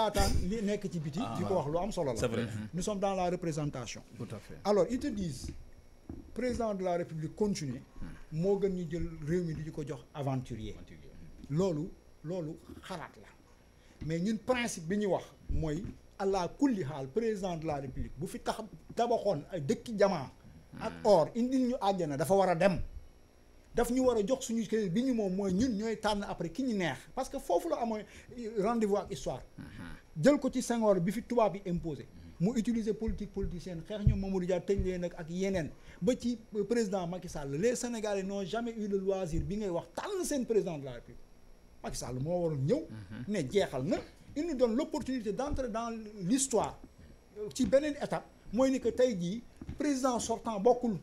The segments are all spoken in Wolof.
taataan li nekk ci biti di ko wax lu am solo la mm-hmm. nous sommes dans la représentation tout à fait alors président de la république continuer mm. moo gën ñu jël réew mi di ko jox aventurier loolu loolu xalaat la mais ñun principe bi ñuy wax mooy allah kulli xaal président de la république bu fi tax tabaxoon ay dëkki jamaa ak mm. or indi ñu àjjana dafa war a dem daf ñu war a jox suñu kër bi ñu moom mooy ñun ñooy tànn après ki ñu neex parce que foofu la amoon rendez-vous ak histoire mm-hmm. jël ko ci Senghor bi fi tubaab yi imposé mm-hmm. mu utiliser politique politicienne xeex ñoom Mamadou Dia tëj leen nag ak yeneen ba ci président Macky Sall les Sénégalais n'ont jamais eu le loisir bi ngay wax tànn seen président de la République Macky moo waroon ñëw mm-hmm. ne jeexal na il nous donne l'opportunité d'entrer dans l'histoire ci beneen étape mooy ni que tey jii président sortant bokkul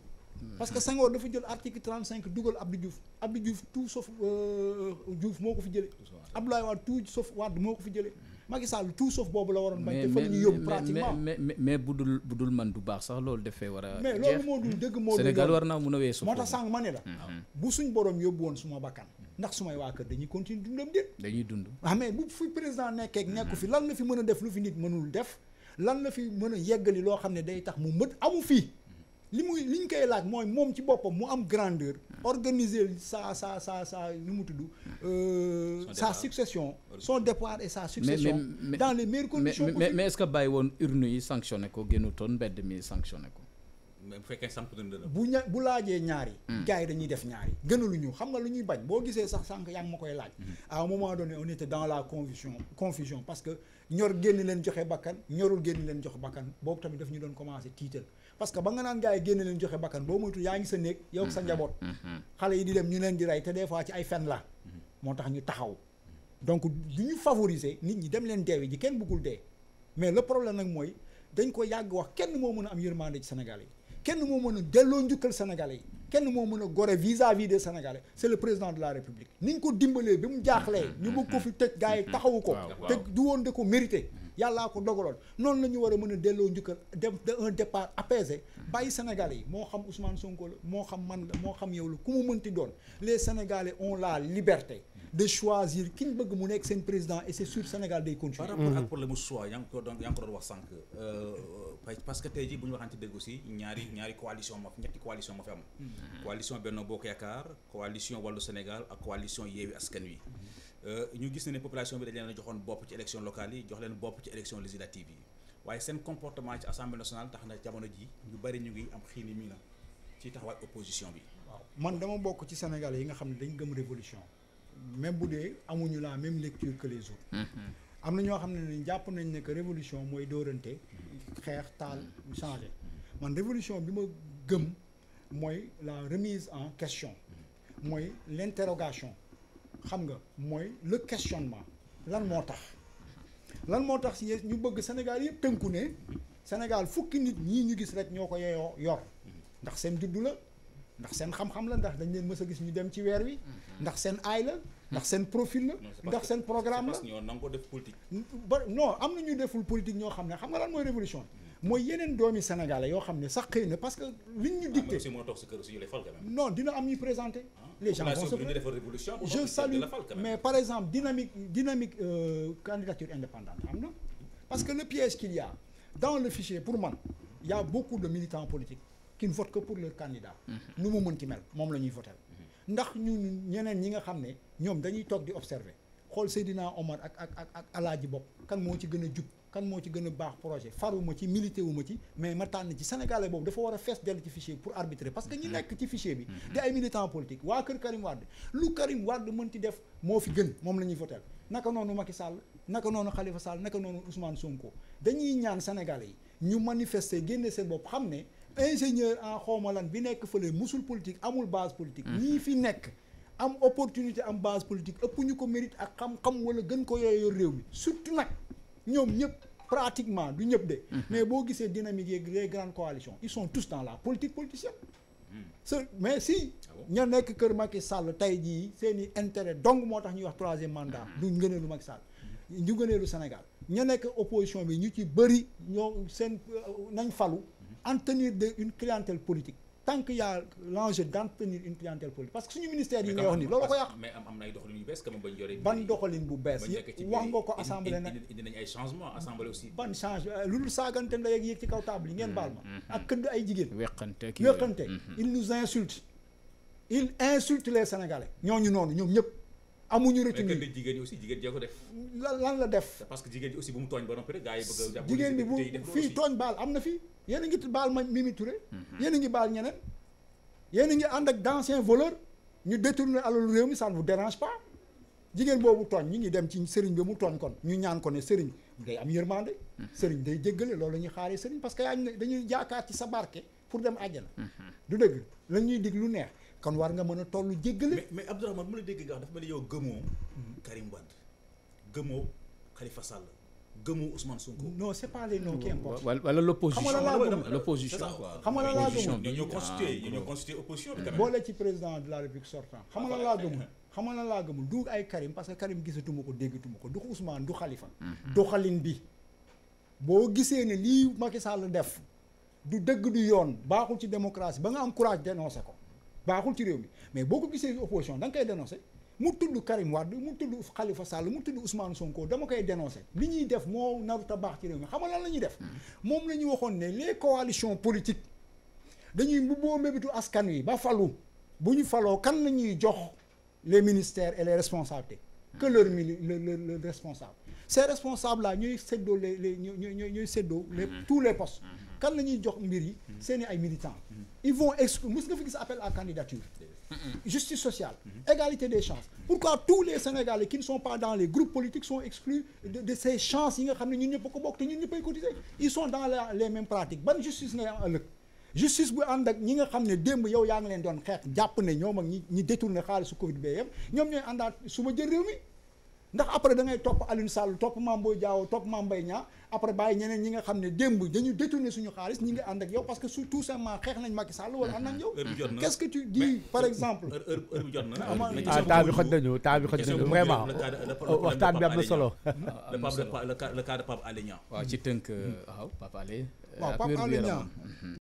parce que Senghor dafa jël article trente cinq dugal Abdou Diouf Abdou Diouf tout sauf euh, Diouf moo ko fi jëlee. Abdoulaye Wade tout sauf Wade moo ko fi jëlee. Mm-hmm. Macky Sall tout sauf boobu la waroon bañ. te fa ñu yóbbu pratiquement mais mais mais bu dul bu dul man du baax sax loolu dafay war a. mais moo dul war naa mun a weesu. moo tax sànq la. Mm-hmm. bu suñ borom yóbbu woon suma bakkan. ndax sumay waa kër dañuy continuer dundam déet. dañuy dund. ah mais bu fi président nekkeek nekku fi lan la fi mën a def lu fi nit mënul def lan la fi mën a yeggali loo xam ne day tax mu mët amu fii li muy li ñu koy laaj mooy moom ci boppam mu am grandeur organiser sa sa sa sa nu mu tudd euh, sa succession son départ et sa succession dans les meilleures conditions mais mais est-ce que bàyyi woon urne yi sanctionné ko génnu toon mbedd mi sanctionné ko bu fekkee samp bu ña bu laajee ñaari. Hmm. gars yi dañuy def ñaari ñu xam nga lu ñuy bañ boo gisee sax sànq yaa ngi ma koy laaj. Hmm. à un moment donné on dans la confusion confusion parce que ñor génn leen joxe bakkan ñorul génn leen joxe bakkan boobu tamit daf ñu doon commencé tiital parce que ba nga naan gars yi génn leen joxe bakkan boo moytu yaa ngi sa néeg hmm. xale yi di dem ñu leen di rey te des fois ci ay fen la. moo tax ñu taxaw donc du ñu favoriser nit ñi dem leen deewi ji kenn bëggul dee mais le problème nag mooy dañ ko yàgg wax kenn moo mën a am yërmande ci Sénégal yi kenn moo mën a delloo njukkal sénégalais yi kenn moo mën a gore vis-à-vis des sénégalais c'est le président de la république ni ko dimbalee bi mu jaaxlee mm-hmm. ñu bëgg ko fi tëj gars yi mm-hmm. taxawu ko te du woon de ko mérité yàllaa ko dogaloon noonu la ñu war a mën a delloo njukkal dem de un départ apaisé mm-hmm. bàyyi sénégalais yi moo xam Ousmane Sonko la moo xam man la moo xam yow la ku mu mënti doon les sénégalais ont la liberté de choisir ki ñu bëgg mu nekk seen président et c'est sûr Sénégal day continuer. par rapport ak mm-hmm. problème mu choix yaa ngi doon yaa wax sànq. Euh, euh, parce que tey jii bu ñu waxante dëgg aussi ñaari ñaari coalition ma ñetti coalition ma fi am. Mm-hmm. coalition Benno Bokk Yaakaar coalition Wallu Sénégal ak coalition Yewwi Askan Wi. Mm-hmm. Euh, ñu gis na ne population bi dañ leen a joxoon bopp ci élection local yi jox leen bopp ci élection législative yi waaye seen comportement ci assemblée nationale tax na jamono ji ñu bari ñu ngi am mi na ci taxawaay opposition bi. man dama bokk ci Sénégal yi nga xam ne dañ gëm révolution. même bu dee amuñu la même lecture que les autres. Mm-hmm. am na ñoo xam ne ni jàpp nañ ne que révolution mooy dóorante xeex taal changé man révolution bi ma gëm mooy la remise en question mooy l'interrogation xam nga mooy le questionnement lan moo tax lan moo tax si ñu bëgg Sénégal yëpp tënku ne Sénégal fukki nit ñi ñu gis rek ñoo ko yeyoo yor ndax seen juddu la ndax seen xam-xam la ndax dañ leen mës a gis ñu dem ci weer wi. Mhm. ndax seen ay la. ndax seen profil la. ndax seen programme la ñoo nangu ko def politique. ba non am na ñu deful politique ñoo xam ne xam nga lan mooy révolution mhm. mooy yeneen doomi Sénégal yoo xam ne sax xëy na parce que liñ ñu ah, dicté ah moo toog si kër si ñu lay fal quand même. non dina am ñuy présenté. Ah, les gens vont se je salue mais par exemple dynamique dynamique euh, candidature indépendante am na. parce que le piège qu'il y a dans le fichier pour man y a beaucoup de militants kin ne votent que pour leur candidat. nu mu mën mel moom la ñuy voté. ndax ñu ñeneen ñi nga xam ne ñoom dañuy toog di observer xool Seydina Omar ak ak ak ak Alaaji Bopp kan moo ci gën a jub kan moo ci gën a baax projet faruma ci milité wu ci mais ma tànn ci sénégalais boobu dafa war a fees dell ci fichier bi pour arbitrer parce que ñi nekk ci fichier bi di ay militant politique waa kër Karim Wade lu Karim Wade mën def moo fi gën moom la ñuy naka noonu Macky Sall naka noonu Khalifa Sall naka noonu ñaan sénégalais yi ñu manifester génne seen bopp xam ne ingénieur en xawma lan bi nekk fële mosul politique amul base politique mm-hmm. ñii fi nekk am opportunité am base politique ëpp ñu ko mérite ak xam-xam wala gën ko yooyu réew mi surtout nag ñoom ñëpp pratiquement du ñëpp de mm-hmm. mais boo gisee dynamique yeeg les grandes coalitions ils sont tous dans la politique politicienne ce mm-hmm. mais si ah ña nekk kër Macky Sall tey jii seeni i intérêt donc moo tax ñuy wax troisième mandat du ngëneelu Macky Sall du ngëneelu Sénégal ña nekk opposition bi ñu ci bëri ñoo seen euh, nañ falu en tenir de une clientèle politique tant que y a d'en tenir une clientèle politique parce que suñu ministère yi ngay wax nii loolu ko yàq mais am am na ay ban doxalin bu bees wax nga ko assemblée na ban change euh, lu saagante nday ak ci kaw table yi ngeen baal ma mm-hmm. ak këdd ay jigéen weqante weqante mm-hmm. il nous insulte il insulte les sénégalais ñooñu noonu ñoom ñëpp amuñu retenu mais jigéen ñi aussi jigéen jee ko def. lan lan la def. que jigéen ñi aussi bu mu tooñ ba noppi rek gars yi bëgg a. jigéen bi bu fii tooñ baal am na fi. yéen a ngi baal ma Mimi Touré. Mhm. yéen a ngi baal ñeneen. yéen ngi ànd ak d'anciens voleurs ñu détourné alalu réew mi ça ne vous jigéen boobu tooñ ñu ngi dem ci sëriñ bi mu tooñ kon ñu ñaan ko ne sëriñ day am yërmande. Mhm. sëriñ day jéggale loolu la ñuy xaaree sëriñ parce que yaa dañuy jaakaar ci sa barke pour dem àjjana. Mhm. du dëgg la ñuy dig lu neex kon war nga mën a toll jéggale. mais mais Abdourahmane mu la dégg nga wax dafa mel ni yow gëmoo. Karim Wade gëmoo Khalifa Sall gëmoo Ousmane Sonko. non c'est pas les noms qui importent. wala l'opposition l'opposition quoi. xam nga la laa gëmul ñoo ah, constitué ñoo constitué opposition bi. boole ci président de la République sortant xam nga laa gëmul. xam nga laa gëmul du ay Karim parce que Karim gisatuma ko déggatuma ko du Ousmane du Khalifa. Mhm. doxalin bi boo gisee ne lii Macky Sall def du dëgg du yoon baaxul ci démocratie ba nga am courage dénoncer ko. baaxul ci réew mi mais boo ko gisee opposition da nga koy dénoncé mu tudd Karim Wade mu tudd Khalifa Sall mu tudd Ousmane Sonko dama koy dénoncé li ñuy def moo narut a baax ci réew mi xam nga lan la ñuy def hmm. moom la ñu waxoon ne les coalitions politiques dañuy mbubboo mébétu askan wi ba falu bu ñu faloo kan la ñuy jox les ministères et les responsabilités que leur mili le le le responsable ces responsables là ñooy séddoo les les ñooy mm-hmm. tous les postes. Mm-hmm. kan la ñuy jox mbir yi. Mm-hmm. seeni ay militants. ils vont exclure mës nga fi gis appel à candidature. justice sociale. égalité des chances. pourquoi tous les Sénégalais qui ne sont pas dans les groupes politiques sont exclus de ces chances yi nga xam ne ñun ñëpp a ko bokk te ñun ñëpp ay cotiser ils sont dans les mêmes pratiques ban justice ngay am ëllëg. justice bu ànd ak ñi nga xam ne démb yow yaa ngi leen doon xeex jàpp ne ñoom ak ñi ñi détourné xaalisu Covid bee yëpp ñoom ñooy àndaat suba jël réew ndax après da topp Alioune Sall topp Mame Boye topp Mame Mbaye après bàyyi ñeneen ñi nga xam ne démb dañu détourné suñu xaalis ñi ngi ànd ak yow parce que su tout simplement xeex nañ Macky Sall wala ànd ak yow. quest que tu dis par exemple. heure heure bi jot na. ah temps solo. waaw ci tënk euh, waaw